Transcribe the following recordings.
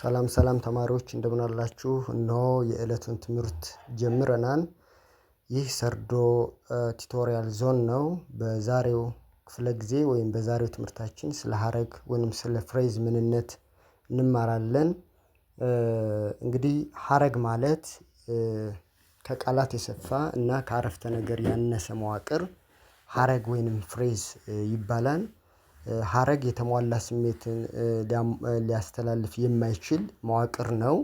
ሰላም ሰላም ተማሪዎች እንደምን አላችሁ? እነሆ የዕለቱን ትምህርት ጀምረናል። ይህ ሰርዶ ቲቶሪያል ዞን ነው። በዛሬው ክፍለ ጊዜ ወይም በዛሬው ትምህርታችን ስለ ሀረግ ወይም ስለ ፍሬዝ ምንነት እንማራለን። እንግዲህ ሀረግ ማለት ከቃላት የሰፋ እና ከአረፍተ ነገር ያነሰ መዋቅር ሀረግ ወይንም ፍሬዝ ይባላል። ሀረግ የተሟላ ስሜትን ሊያስተላልፍ የማይችል መዋቅር ነው።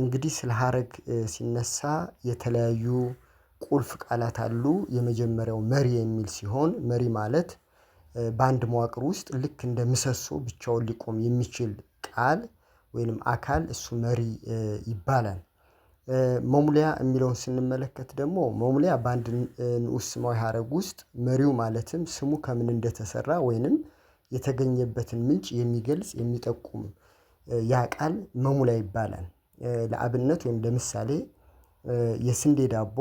እንግዲህ ስለ ሀረግ ሲነሳ የተለያዩ ቁልፍ ቃላት አሉ የመጀመሪያው መሪ የሚል ሲሆን መሪ ማለት በአንድ መዋቅር ውስጥ ልክ እንደ ምሰሶ ብቻውን ሊቆም የሚችል ቃል ወይንም አካል እሱ መሪ ይባላል መሙሊያ የሚለውን ስንመለከት ደግሞ መሙሊያ በአንድ ንዑስ ስማዊ ሀረግ ውስጥ መሪው ማለትም ስሙ ከምን እንደተሰራ ወይንም የተገኘበትን ምንጭ የሚገልጽ የሚጠቁም ያ ቃል መሙሊያ ይባላል። ለአብነት ወይም ለምሳሌ የስንዴ ዳቦ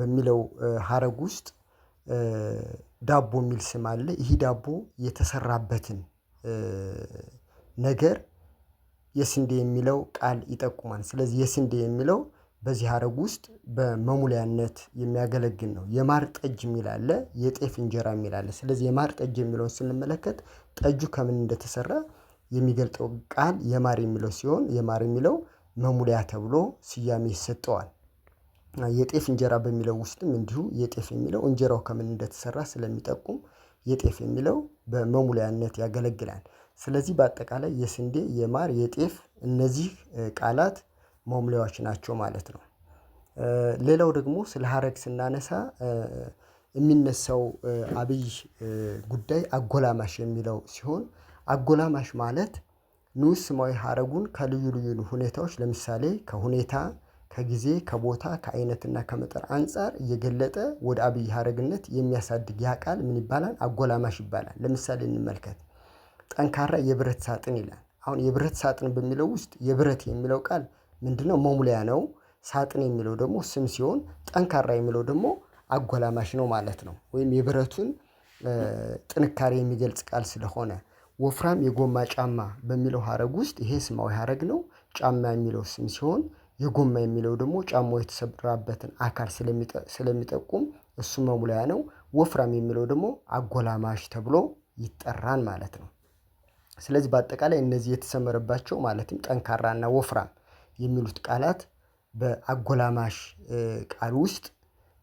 በሚለው ሀረግ ውስጥ ዳቦ የሚል ስም አለ ይህ ዳቦ የተሰራበትን ነገር የስንዴ የሚለው ቃል ይጠቁማል። ስለዚህ የስንዴ የሚለው በዚህ አረግ ውስጥ በመሙሊያነት የሚያገለግል ነው። የማር ጠጅ የሚላለ የጤፍ እንጀራ የሚላለ። ስለዚህ የማር ጠጅ የሚለውን ስንመለከት ጠጁ ከምን እንደተሰራ የሚገልጠው ቃል የማር የሚለው ሲሆን የማር የሚለው መሙሊያ ተብሎ ስያሜ ይሰጠዋል። የጤፍ እንጀራ በሚለው ውስጥም እንዲሁ የጤፍ የሚለው እንጀራው ከምን እንደተሰራ ስለሚጠቁም የጤፍ የሚለው በመሙሊያነት ያገለግላል። ስለዚህ በአጠቃላይ የስንዴ፣ የማር፣ የጤፍ እነዚህ ቃላት መሙሊያዎች ናቸው ማለት ነው። ሌላው ደግሞ ስለ ሀረግ ስናነሳ የሚነሳው አብይ ጉዳይ አጎላማሽ የሚለው ሲሆን አጎላማሽ ማለት ንዑስ ስማዊ ሀረጉን ከልዩ ልዩ ሁኔታዎች ለምሳሌ ከሁኔታ ከጊዜ ከቦታ ከአይነትና ከመጠን አንፃር እየገለጠ ወደ አብይ ሀረግነት የሚያሳድግ ያ ቃል ምን ይባላል? አጎላማሽ ይባላል። ለምሳሌ እንመልከት። ጠንካራ የብረት ሳጥን ይላል አሁን የብረት ሳጥን በሚለው ውስጥ የብረት የሚለው ቃል ምንድነው መሙሊያ ነው። ሳጥን የሚለው ደግሞ ስም ሲሆን ጠንካራ የሚለው ደግሞ አጎላማሽ ነው ማለት ነው። ወይም የብረቱን ጥንካሬ የሚገልጽ ቃል ስለሆነ ወፍራም የጎማ ጫማ በሚለው ሀረግ ውስጥ ይሄ ስማዊ ሀረግ ነው። ጫማ የሚለው ስም ሲሆን የጎማ የሚለው ደግሞ ጫማው የተሰራበትን አካል ስለሚጠቁም እሱ መሙላያ ነው። ወፍራም የሚለው ደግሞ አጎላማሽ ተብሎ ይጠራል ማለት ነው። ስለዚህ በአጠቃላይ እነዚህ የተሰመረባቸው ማለትም ጠንካራና ወፍራም የሚሉት ቃላት በአጎላማሽ ቃል ውስጥ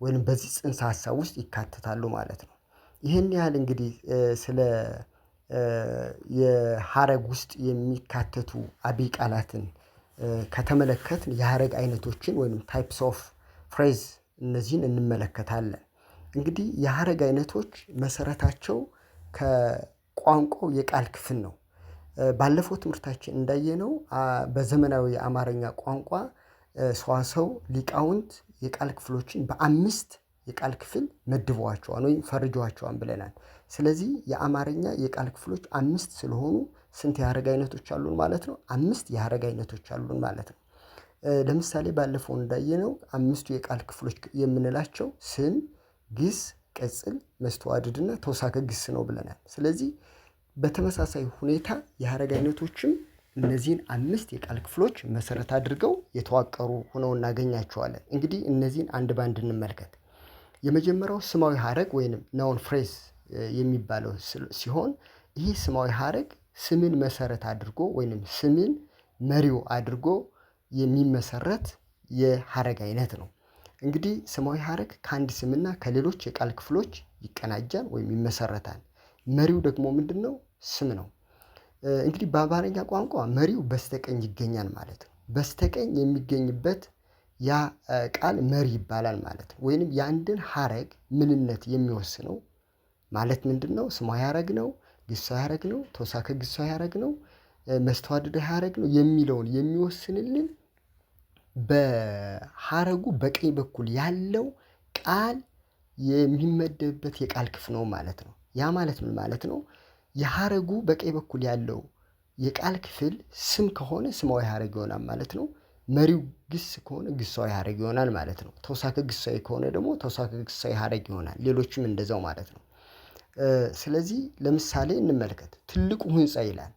ወይም በዚህ ጽንሰ ሀሳብ ውስጥ ይካተታሉ ማለት ነው። ይህን ያህል እንግዲህ ስለ የሀረግ ውስጥ የሚካተቱ አብይ ቃላትን ከተመለከትን የሀረግ አይነቶችን ወይም ታይፕስ ኦፍ ፍሬዝ እነዚህን እንመለከታለን። እንግዲህ የሀረግ አይነቶች መሰረታቸው ከቋንቋው የቃል ክፍል ነው። ባለፈው ትምህርታችን እንዳየነው በዘመናዊ የአማርኛ ቋንቋ ሰዋሰው ሊቃውንት የቃል ክፍሎችን በአምስት የቃል ክፍል መድበዋቸዋን ወይም ፈርጀዋቸዋን ብለናል። ስለዚህ የአማርኛ የቃል ክፍሎች አምስት ስለሆኑ ስንት የሀረግ አይነቶች አሉን ማለት ነው? አምስት የሀረግ አይነቶች አሉን ማለት ነው። ለምሳሌ ባለፈው እንዳየነው አምስቱ የቃል ክፍሎች የምንላቸው ስም፣ ግስ፣ ቅጽል፣ መስተዋድድና ተውሳከ ግስ ነው ብለናል። ስለዚህ በተመሳሳይ ሁኔታ የሀረግ አይነቶችም እነዚህን አምስት የቃል ክፍሎች መሰረት አድርገው የተዋቀሩ ሆነው እናገኛቸዋለን። እንግዲህ እነዚህን አንድ ባንድ እንመልከት። የመጀመሪያው ስማዊ ሀረግ ወይንም ናውን ፍሬዝ የሚባለው ሲሆን ይህ ስማዊ ሀረግ ስምን መሰረት አድርጎ ወይንም ስምን መሪው አድርጎ የሚመሰረት የሀረግ አይነት ነው። እንግዲህ ስማዊ ሀረግ ከአንድ ስምና ከሌሎች የቃል ክፍሎች ይቀናጃል ወይም ይመሰረታል። መሪው ደግሞ ምንድን ነው? ስም ነው። እንግዲህ በአማርኛ ቋንቋ መሪው በስተቀኝ ይገኛል ማለት ነው። በስተቀኝ የሚገኝበት ያ ቃል መሪ ይባላል ማለት ነው። ወይንም የአንድን ሀረግ ምንነት የሚወስነው ማለት ነው? ስሟዊ ሀረግ ነው፣ ግሳዊ ሀረግ ነው፣ ተውሳከ ግሳዊ ሀረግ ነው፣ መስተዋድዳዊ ሀረግ ነው የሚለውን የሚወስንልን በሀረጉ በቀኝ በኩል ያለው ቃል የሚመደብበት የቃል ክፍል ነው ማለት ነው። ያ ማለት ምን ማለት ነው? የሐረጉ በቀኝ በኩል ያለው የቃል ክፍል ስም ከሆነ ስማዊ ሐረግ ይሆናል ማለት ነው። መሪው ግስ ከሆነ ግሳዊ ሐረግ ይሆናል ማለት ነው። ተውሳከ ግሳዊ ከሆነ ደግሞ ተውሳከ ግሳዊ ሐረግ ይሆናል። ሌሎችም እንደዛው ማለት ነው። ስለዚህ ለምሳሌ እንመልከት። ትልቁ ህንፃ ይላል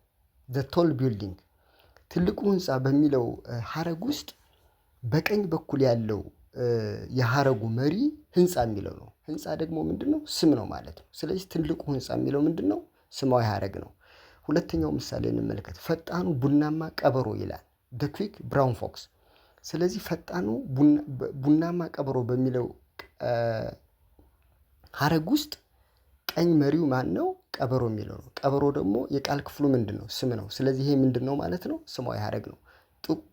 ዘ ቶል ቢልዲንግ። ትልቁ ህንፃ በሚለው ሐረግ ውስጥ በቀኝ በኩል ያለው የሐረጉ መሪ ህንፃ የሚለው ነው። ህንፃ ደግሞ ምንድን ነው? ስም ነው ማለት ነው። ስለዚህ ትልቁ ህንፃ የሚለው ምንድን ነው? ስማዊ ሀረግ ነው። ሁለተኛው ምሳሌ እንመልከት። ፈጣኑ ቡናማ ቀበሮ ይላል ደ ኩዊክ ብራውን ፎክስ። ስለዚህ ፈጣኑ ቡናማ ቀበሮ በሚለው ሀረግ ውስጥ ቀኝ መሪው ማን ነው? ቀበሮ የሚለው ነው። ቀበሮ ደግሞ የቃል ክፍሉ ምንድን ነው? ስም ነው። ስለዚህ ይሄ ምንድን ነው ማለት ነው? ስማዊ ሀረግ ነው።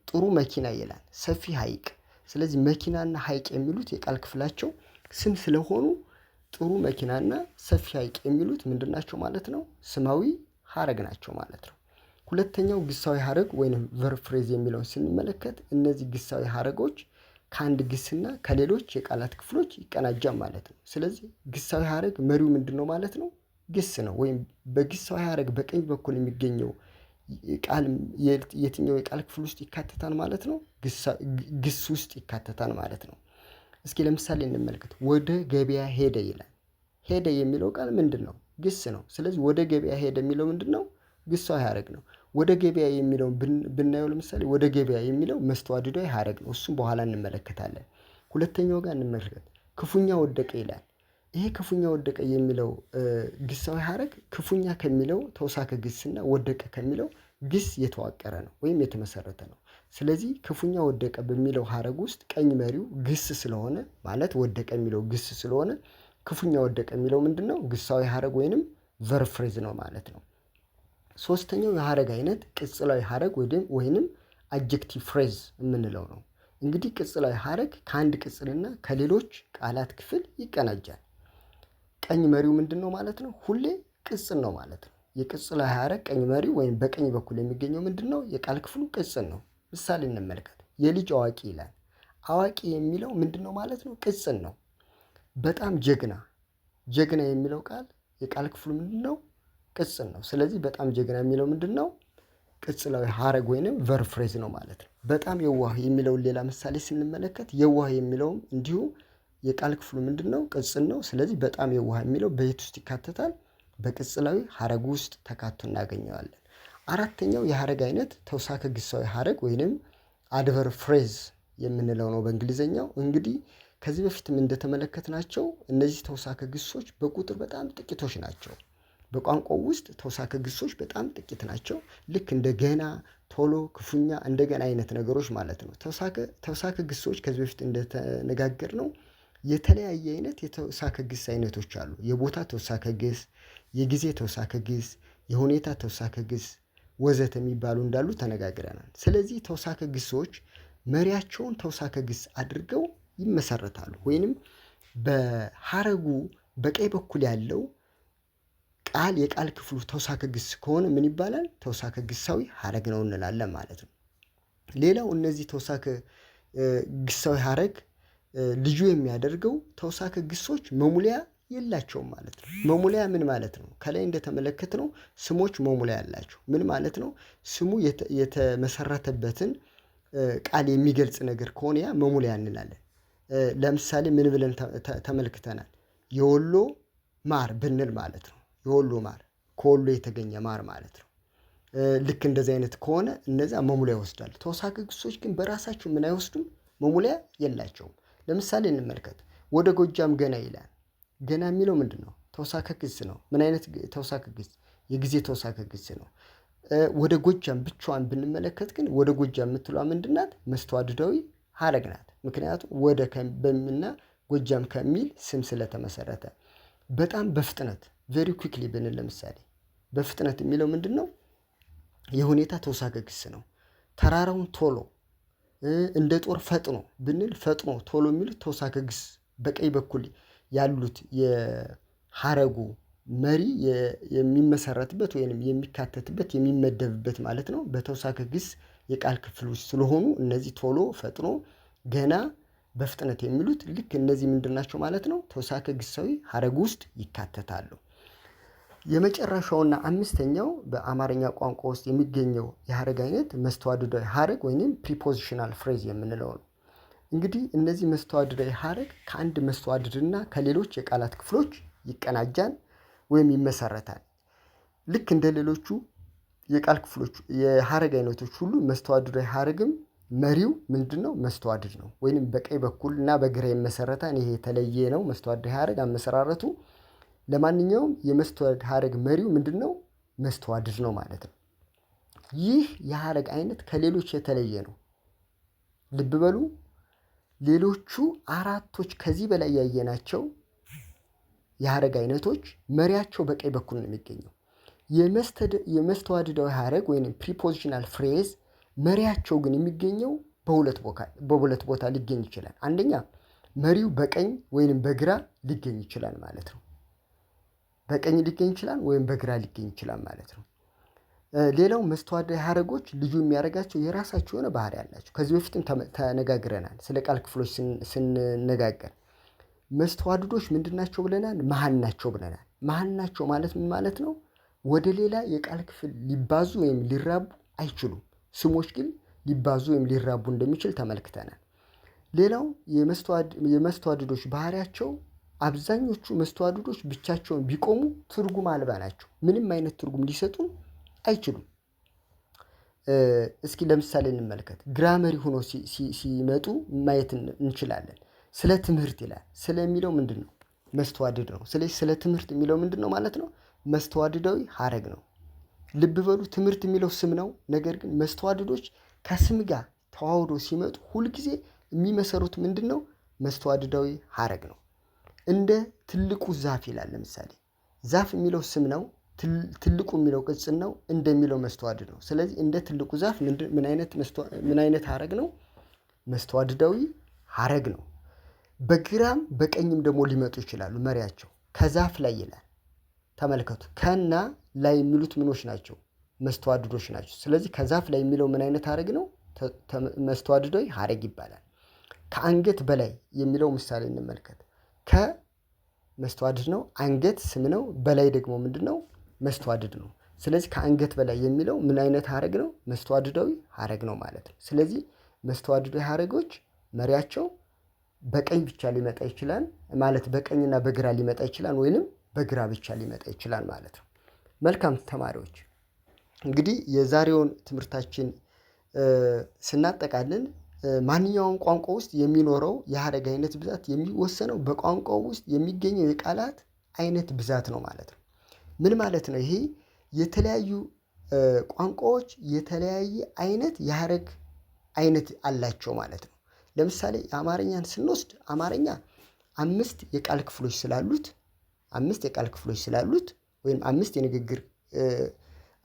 ጥሩ መኪና ይላል ሰፊ ሀይቅ። ስለዚህ መኪናና ሀይቅ የሚሉት የቃል ክፍላቸው ስም ስለሆኑ ጥሩ መኪናና ሰፊ ሐይቅ የሚሉት ምንድን ናቸው ማለት ነው? ስማዊ ሐረግ ናቸው ማለት ነው። ሁለተኛው ግሳዊ ሐረግ ወይንም ቨርብ ፍሬዝ የሚለውን ስንመለከት እነዚህ ግሳዊ ሐረጎች ከአንድ ግስና ከሌሎች የቃላት ክፍሎች ይቀናጃል ማለት ነው። ስለዚህ ግሳዊ ሐረግ መሪው ምንድን ነው ማለት ነው? ግስ ነው። ወይም በግሳዊ ሐረግ በቀኝ በኩል የሚገኘው ቃል የትኛው የቃል ክፍል ውስጥ ይካተታል ማለት ነው? ግስ ውስጥ ይካተታል ማለት ነው። እስኪ ለምሳሌ እንመልከት። ወደ ገበያ ሄደ ይላል። ሄደ የሚለው ቃል ምንድን ነው? ግስ ነው። ስለዚህ ወደ ገበያ ሄደ የሚለው ምንድን ነው? ግሳዊ ሐረግ ነው። ወደ ገበያ የሚለው ብናየው ለምሳሌ ወደ ገበያ የሚለው መስተዋድዳዊ ሐረግ ነው። እሱም በኋላ እንመለከታለን። ሁለተኛው ጋር እንመልከት። ክፉኛ ወደቀ ይላል። ይሄ ክፉኛ ወደቀ የሚለው ግሳዊ ሐረግ ክፉኛ ከሚለው ተውሳከ ግስና ወደቀ ከሚለው ግስ የተዋቀረ ነው ወይም የተመሰረተ ነው። ስለዚህ ክፉኛ ወደቀ በሚለው ሀረግ ውስጥ ቀኝ መሪው ግስ ስለሆነ ማለት ወደቀ የሚለው ግስ ስለሆነ ክፉኛ ወደቀ የሚለው ምንድን ነው? ግሳዊ ሀረግ ወይንም ቨርፍሬዝ ነው ማለት ነው። ሶስተኛው የሀረግ አይነት ቅጽላዊ ሀረግ ወይንም አጀክቲቭ ፍሬዝ የምንለው ነው። እንግዲህ ቅጽላዊ ሀረግ ከአንድ ቅጽልና ከሌሎች ቃላት ክፍል ይቀናጃል። ቀኝ መሪው ምንድን ነው ማለት ነው? ሁሌ ቅጽል ነው ማለት ነው። የቅጽላዊ ሀረግ ቀኝ መሪው ወይም በቀኝ በኩል የሚገኘው ምንድን ነው? የቃል ክፍሉ ቅጽል ነው። ምሳሌ እንመልከት። የልጅ አዋቂ ይላል። አዋቂ የሚለው ምንድን ነው ማለት ነው? ቅጽን ነው። በጣም ጀግና ጀግና የሚለው ቃል የቃል ክፍሉ ምንድን ነው? ቅጽን ነው። ስለዚህ በጣም ጀግና የሚለው ምንድን ነው? ቅጽላዊ ሀረግ ወይንም ቨርፍሬዝ ነው ማለት ነው። በጣም የዋህ የሚለውን ሌላ ምሳሌ ስንመለከት የዋህ የሚለውም እንዲሁ የቃል ክፍሉ ምንድን ነው? ቅጽን ነው። ስለዚህ በጣም የዋህ የሚለው በየት ውስጥ ይካተታል? በቅጽላዊ ሀረግ ውስጥ ተካቶ እናገኘዋለን። አራተኛው የሀረግ አይነት ተውሳከ ግሳዊ ሀረግ ወይንም አድቨር ፍሬዝ የምንለው ነው በእንግሊዝኛው። እንግዲህ ከዚህ በፊትም እንደተመለከትናቸው እነዚህ ተውሳከ ግሶች በቁጥር በጣም ጥቂቶች ናቸው። በቋንቋው ውስጥ ተውሳከ ግሶች በጣም ጥቂት ናቸው። ልክ እንደ ገና፣ ቶሎ፣ ክፉኛ፣ እንደገና አይነት ነገሮች ማለት ነው። ተውሳከ ግሶች ከዚህ በፊት እንደተነጋገር ነው የተለያየ አይነት የተውሳከ ግስ አይነቶች አሉ። የቦታ ተውሳከ ግስ፣ የጊዜ ተውሳከ ግስ፣ የሁኔታ ተውሳከ ግስ ወዘተ የሚባሉ እንዳሉ ተነጋግረናል። ስለዚህ ተውሳከ ግሶች መሪያቸውን ተውሳከ ግስ አድርገው ይመሰረታሉ ወይንም በሀረጉ በቀኝ በኩል ያለው ቃል የቃል ክፍሉ ተውሳከ ግስ ከሆነ ምን ይባላል? ተውሳከ ግሳዊ ሀረግ ነው እንላለን ማለት ነው። ሌላው እነዚህ ተውሳከ ግሳዊ ሀረግ ልዩ የሚያደርገው ተውሳከ ግሶች መሙሊያ የላቸውም ማለት ነው። መሙለያ ምን ማለት ነው? ከላይ እንደተመለከትነው ስሞች መሙሊያ አላቸው። ምን ማለት ነው? ስሙ የተመሰረተበትን ቃል የሚገልጽ ነገር ከሆነ ያ መሙሊያ እንላለን። ለምሳሌ ምን ብለን ተመልክተናል? የወሎ ማር ብንል ማለት ነው። የወሎ ማር ከወሎ የተገኘ ማር ማለት ነው። ልክ እንደዚህ አይነት ከሆነ እነዚያ መሙሊያ ይወስዳል። ተውሳከ ግሶች ግን በራሳቸው ምን አይወስዱም፣ መሙለያ የላቸውም። ለምሳሌ እንመልከት። ወደ ጎጃም ገና ይላል። ገና የሚለው ምንድን ነው? ተውሳከ ግስ ነው። ምን አይነት ተውሳከ ግስ? የጊዜ ተውሳከ ግስ ነው። ወደ ጎጃም ብቻዋን ብንመለከት ግን ወደ ጎጃም የምትሏ ምንድናት? መስተዋድዳዊ ሀረግ ናት። ምክንያቱም ወደ በምና ጎጃም ከሚል ስም ስለተመሰረተ በጣም በፍጥነት ቬሪ ኩክሊ ብንል ለምሳሌ በፍጥነት የሚለው ምንድን ነው? የሁኔታ ተውሳከ ግስ ነው። ተራራውን ቶሎ እንደ ጦር ፈጥኖ ብንል ፈጥኖ ቶሎ የሚሉት ተውሳከ ግስ በቀኝ በኩል ያሉት የሀረጉ መሪ የሚመሰረትበት ወይም የሚካተትበት የሚመደብበት ማለት ነው። በተውሳከ ግስ የቃል ክፍሎች ስለሆኑ እነዚህ ቶሎ ፈጥኖ ገና በፍጥነት የሚሉት ልክ እነዚህ ምንድን ናቸው ማለት ነው? ተውሳከ ግሳዊ ሀረግ ውስጥ ይካተታሉ። የመጨረሻውና አምስተኛው በአማርኛ ቋንቋ ውስጥ የሚገኘው የሀረግ አይነት መስተዋድዳዊ ሀረግ ወይም ፕሪፖዚሽናል ፍሬዝ የምንለው ነው። እንግዲህ እነዚህ መስተዋድዳዊ ሐረግ ከአንድ መስተዋድድና ከሌሎች የቃላት ክፍሎች ይቀናጃል ወይም ይመሰረታል። ልክ እንደ ሌሎቹ የቃል ክፍሎች የሐረግ አይነቶች ሁሉ መስተዋድዳዊ ሐረግም መሪው ምንድን ነው? መስተዋድድ ነው። ወይም በቀኝ በኩል እና በግራ ይመሰረታል። ይሄ የተለየ ነው። መስተዋድዳዊ ሐረግ አመሰራረቱ። ለማንኛውም የመስተዋድድ ሐረግ መሪው ምንድን ነው? መስተዋድድ ነው ማለት ነው። ይህ የሐረግ አይነት ከሌሎች የተለየ ነው። ልብ በሉ። ሌሎቹ አራቶች ከዚህ በላይ ያየናቸው የሀረግ አይነቶች መሪያቸው በቀኝ በኩል ነው የሚገኘው። የመስተዋድዳዊ ሀረግ ወይም ፕሪፖዚሽናል ፍሬዝ መሪያቸው ግን የሚገኘው በሁለት ቦታ ሊገኝ ይችላል። አንደኛ መሪው በቀኝ ወይም በግራ ሊገኝ ይችላል ማለት ነው። በቀኝ ሊገኝ ይችላል ወይም በግራ ሊገኝ ይችላል ማለት ነው። ሌላው መስተዋድድ ሀረጎች ልዩ የሚያደርጋቸው የራሳቸው የሆነ ባህሪ አላቸው። ከዚህ በፊትም ተነጋግረናል ስለ ቃል ክፍሎች ስንነጋገር መስተዋድዶች ምንድን ናቸው ብለናል? መሀን ናቸው ብለናል። መሃል ናቸው ማለት ምን ማለት ነው? ወደ ሌላ የቃል ክፍል ሊባዙ ወይም ሊራቡ አይችሉም። ስሞች ግን ሊባዙ ወይም ሊራቡ እንደሚችል ተመልክተናል። ሌላው የመስተዋድዶች ባህሪያቸው አብዛኞቹ መስተዋድዶች ብቻቸውን ቢቆሙ ትርጉም አልባ ናቸው። ምንም አይነት ትርጉም ሊሰጡ አይችሉም። እስኪ ለምሳሌ እንመልከት። ግራመሪ ሆኖ ሲመጡ ማየት እንችላለን። ስለ ትምህርት ይላል። ስለሚለው ምንድን ነው? መስተዋድድ ነው። ስለዚህ ስለ ትምህርት የሚለው ምንድን ነው ማለት ነው? መስተዋድዳዊ ሀረግ ነው። ልብ በሉ ትምህርት የሚለው ስም ነው። ነገር ግን መስተዋድዶች ከስም ጋር ተዋህዶ ሲመጡ ሁልጊዜ የሚመሰሩት ምንድን ነው? መስተዋድዳዊ ሀረግ ነው። እንደ ትልቁ ዛፍ ይላል። ለምሳሌ ዛፍ የሚለው ስም ነው። ትልቁ የሚለው ቅጽን ነው እንደሚለው መስተዋድ ነው። ስለዚህ እንደ ትልቁ ዛፍ ምን አይነት ምን አይነት ሀረግ ነው? መስተዋድዳዊ ሀረግ ነው። በግራም በቀኝም ደግሞ ሊመጡ ይችላሉ። መሪያቸው ከዛፍ ላይ ይላል። ተመልከቱ ከና ላይ የሚሉት ምኖች ናቸው? መስተዋድዶች ናቸው። ስለዚህ ከዛፍ ላይ የሚለው ምን አይነት ሀረግ ነው? መስተዋድዳዊ ሀረግ ይባላል። ከአንገት በላይ የሚለው ምሳሌ እንመልከት። ከመስተዋድድ ነው፣ አንገት ስም ነው፣ በላይ ደግሞ ምንድን ነው መስተዋድድ ነው። ስለዚህ ከአንገት በላይ የሚለው ምን አይነት ሀረግ ነው? መስተዋድዳዊ ሀረግ ነው ማለት ነው። ስለዚህ መስተዋድዳዊ ሀረጎች መሪያቸው በቀኝ ብቻ ሊመጣ ይችላል ማለት በቀኝና በግራ ሊመጣ ይችላል ወይንም በግራ ብቻ ሊመጣ ይችላል ማለት ነው። መልካም ተማሪዎች እንግዲህ የዛሬውን ትምህርታችን ስናጠቃልን ማንኛውም ቋንቋ ውስጥ የሚኖረው የሀረግ አይነት ብዛት የሚወሰነው በቋንቋው ውስጥ የሚገኘው የቃላት አይነት ብዛት ነው ማለት ነው። ምን ማለት ነው? ይሄ የተለያዩ ቋንቋዎች የተለያየ አይነት የሀረግ አይነት አላቸው ማለት ነው። ለምሳሌ የአማርኛን ስንወስድ አማርኛ አምስት የቃል ክፍሎች ስላሉት አምስት የቃል ክፍሎች ስላሉት ወይም አምስት የንግግር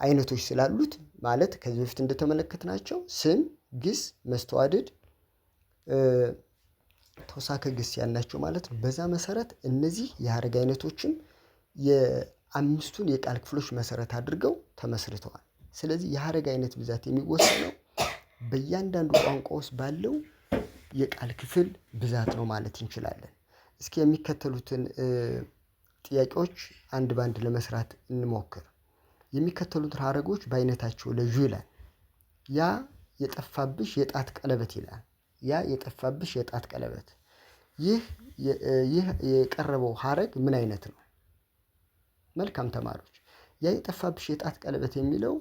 አይነቶች ስላሉት ማለት ከዚህ በፊት እንደተመለከትናቸው ስም፣ ግስ፣ መስተዋድድ፣ ተውሳከ ግስ ያልናቸው ማለት ነው። በዛ መሰረት እነዚህ የሀረግ አይነቶችን አምስቱን የቃል ክፍሎች መሰረት አድርገው ተመስርተዋል። ስለዚህ የሀረግ አይነት ብዛት የሚወሰነው በእያንዳንዱ ቋንቋ ውስጥ ባለው የቃል ክፍል ብዛት ነው ማለት እንችላለን። እስኪ የሚከተሉትን ጥያቄዎች አንድ በአንድ ለመስራት እንሞክር። የሚከተሉት ሀረጎች በአይነታቸው ለዩ ይላል። ያ የጠፋብሽ የጣት ቀለበት ይላል። ያ የጠፋብሽ የጣት ቀለበት። ይህ ይህ የቀረበው ሀረግ ምን አይነት ነው? መልካም ተማሪዎች ያ የጠፋብሽ የጣት ቀለበት የሚለው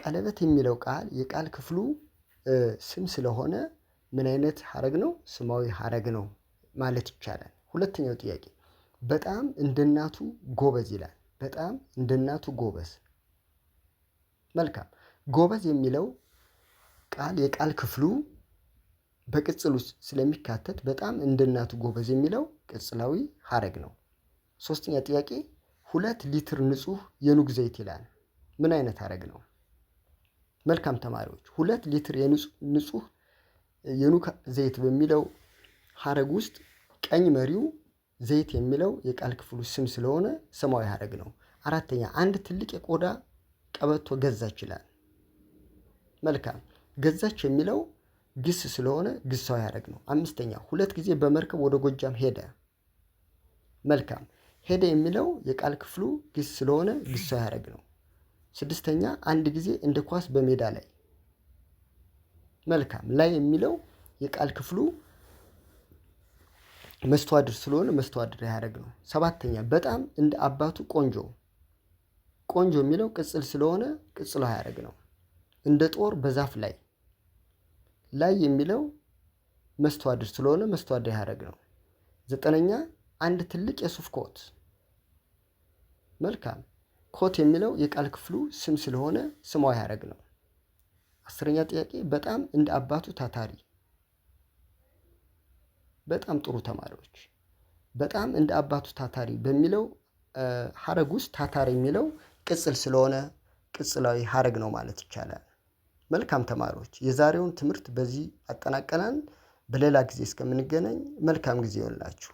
ቀለበት የሚለው ቃል የቃል ክፍሉ ስም ስለሆነ ምን አይነት ሀረግ ነው? ስማዊ ሀረግ ነው ማለት ይቻላል። ሁለተኛው ጥያቄ በጣም እንደ እናቱ ጎበዝ ይላል። በጣም እንደ ጎበዝ። መልካም ጎበዝ የሚለው ቃል የቃል ክፍሉ በቅጽል ውስጥ ስለሚካተት በጣም እንደ እናቱ ጎበዝ የሚለው ቅጽላዊ ሀረግ ነው። ሶስተኛ ጥያቄ ሁለት ሊትር ንጹህ የኑግ ዘይት ይላል። ምን አይነት ሀረግ ነው? መልካም ተማሪዎች ሁለት ሊትር ንጹህ የኑግ ዘይት በሚለው ሀረግ ውስጥ ቀኝ መሪው ዘይት የሚለው የቃል ክፍሉ ስም ስለሆነ ሰማያዊ ሀረግ ነው። አራተኛ አንድ ትልቅ የቆዳ ቀበቶ ገዛች ይላል። መልካም ገዛች የሚለው ግስ ስለሆነ ግሳዊ ሀረግ ነው። አምስተኛ ሁለት ጊዜ በመርከብ ወደ ጎጃም ሄደ። መልካም ሄደ የሚለው የቃል ክፍሉ ግስ ስለሆነ ግሳዊ ሐረግ ነው። ስድስተኛ አንድ ጊዜ እንደ ኳስ በሜዳ ላይ። መልካም ላይ የሚለው የቃል ክፍሉ መስተዋድር ስለሆነ መስተዋድር ያደረግ ነው። ሰባተኛ በጣም እንደ አባቱ ቆንጆ። ቆንጆ የሚለው ቅጽል ስለሆነ ቅጽሎ ያደረግ ነው። እንደ ጦር በዛፍ ላይ። ላይ የሚለው መስተዋድር ስለሆነ መስተዋድር ያደረግ ነው። ዘጠነኛ አንድ ትልቅ የሱፍ ኮት። መልካም ኮት የሚለው የቃል ክፍሉ ስም ስለሆነ ስማዊ ሐረግ ነው። አስረኛ ጥያቄ በጣም እንደ አባቱ ታታሪ። በጣም ጥሩ ተማሪዎች። በጣም እንደ አባቱ ታታሪ በሚለው ሐረግ ውስጥ ታታሪ የሚለው ቅጽል ስለሆነ ቅጽላዊ ሐረግ ነው ማለት ይቻላል። መልካም ተማሪዎች፣ የዛሬውን ትምህርት በዚህ አጠናቀናል። በሌላ ጊዜ እስከምንገናኝ መልካም ጊዜ ይሆንላችሁ።